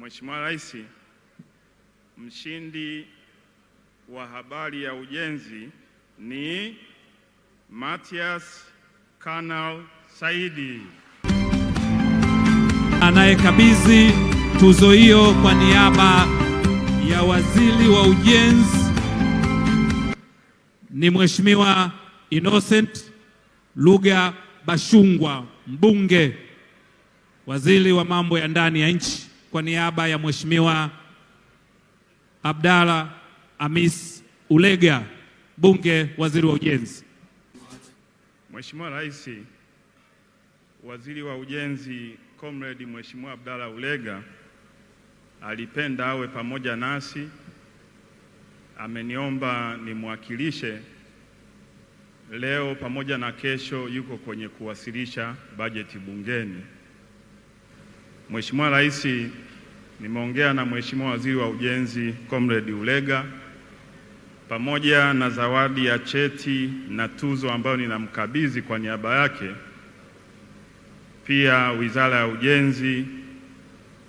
Mheshimiwa Rais, mshindi wa habari ya ujenzi ni Mathias Kanal Saidi. Anayekabidhi tuzo hiyo kwa niaba ya Waziri wa Ujenzi ni Mheshimiwa Innocent Lugha Bashungwa, mbunge, Waziri wa Mambo ya Ndani ya Nchi kwa niaba ya Mheshimiwa Abdalla Hamis Ulega, Bunge, Waziri wa Ujenzi. Mheshimiwa Rais, Waziri wa Ujenzi Comrade Mheshimiwa Abdalla Ulega alipenda awe pamoja nasi, ameniomba nimwakilishe leo pamoja na kesho, yuko kwenye kuwasilisha bajeti bungeni. Mheshimiwa Rais, nimeongea na Mheshimiwa Waziri wa Ujenzi Comrade Ulega pamoja na zawadi ya cheti na tuzo ambayo ninamkabidhi kwa niaba yake. Pia Wizara ya Ujenzi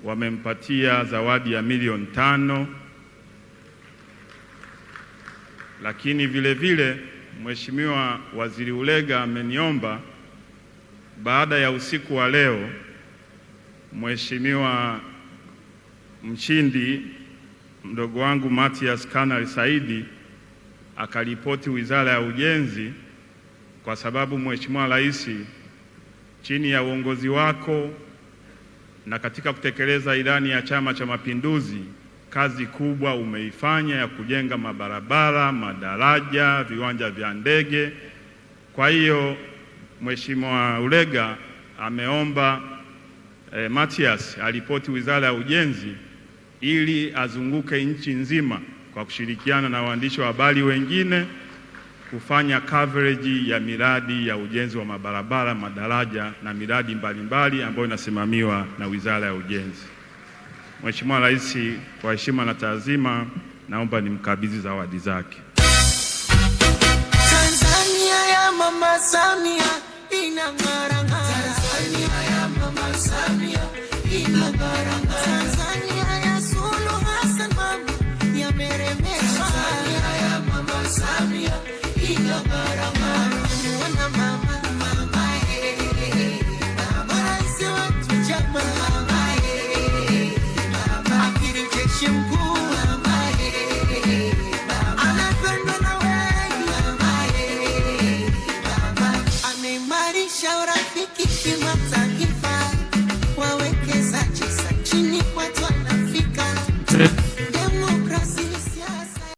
wamempatia zawadi ya milioni tano, lakini vile vile Mheshimiwa Waziri Ulega ameniomba baada ya usiku wa leo Mheshimiwa Mshindi mdogo wangu Mathias Kanali Saidi akaripoti Wizara ya Ujenzi, kwa sababu Mheshimiwa Rais, chini ya uongozi wako na katika kutekeleza ilani ya Chama cha Mapinduzi, kazi kubwa umeifanya ya kujenga mabarabara, madaraja, viwanja vya ndege. Kwa hiyo Mheshimiwa Ulega ameomba e, eh, Matias alipoti Wizara ya Ujenzi ili azunguke nchi nzima kwa kushirikiana na waandishi wa habari wengine kufanya coverage ya miradi ya ujenzi wa mabarabara, madaraja na miradi mbalimbali ambayo inasimamiwa na Wizara ya Ujenzi. Mheshimiwa Rais, kwa heshima na taazima, naomba nimkabidhi zawadi zake Tanzania ya Mama Samia.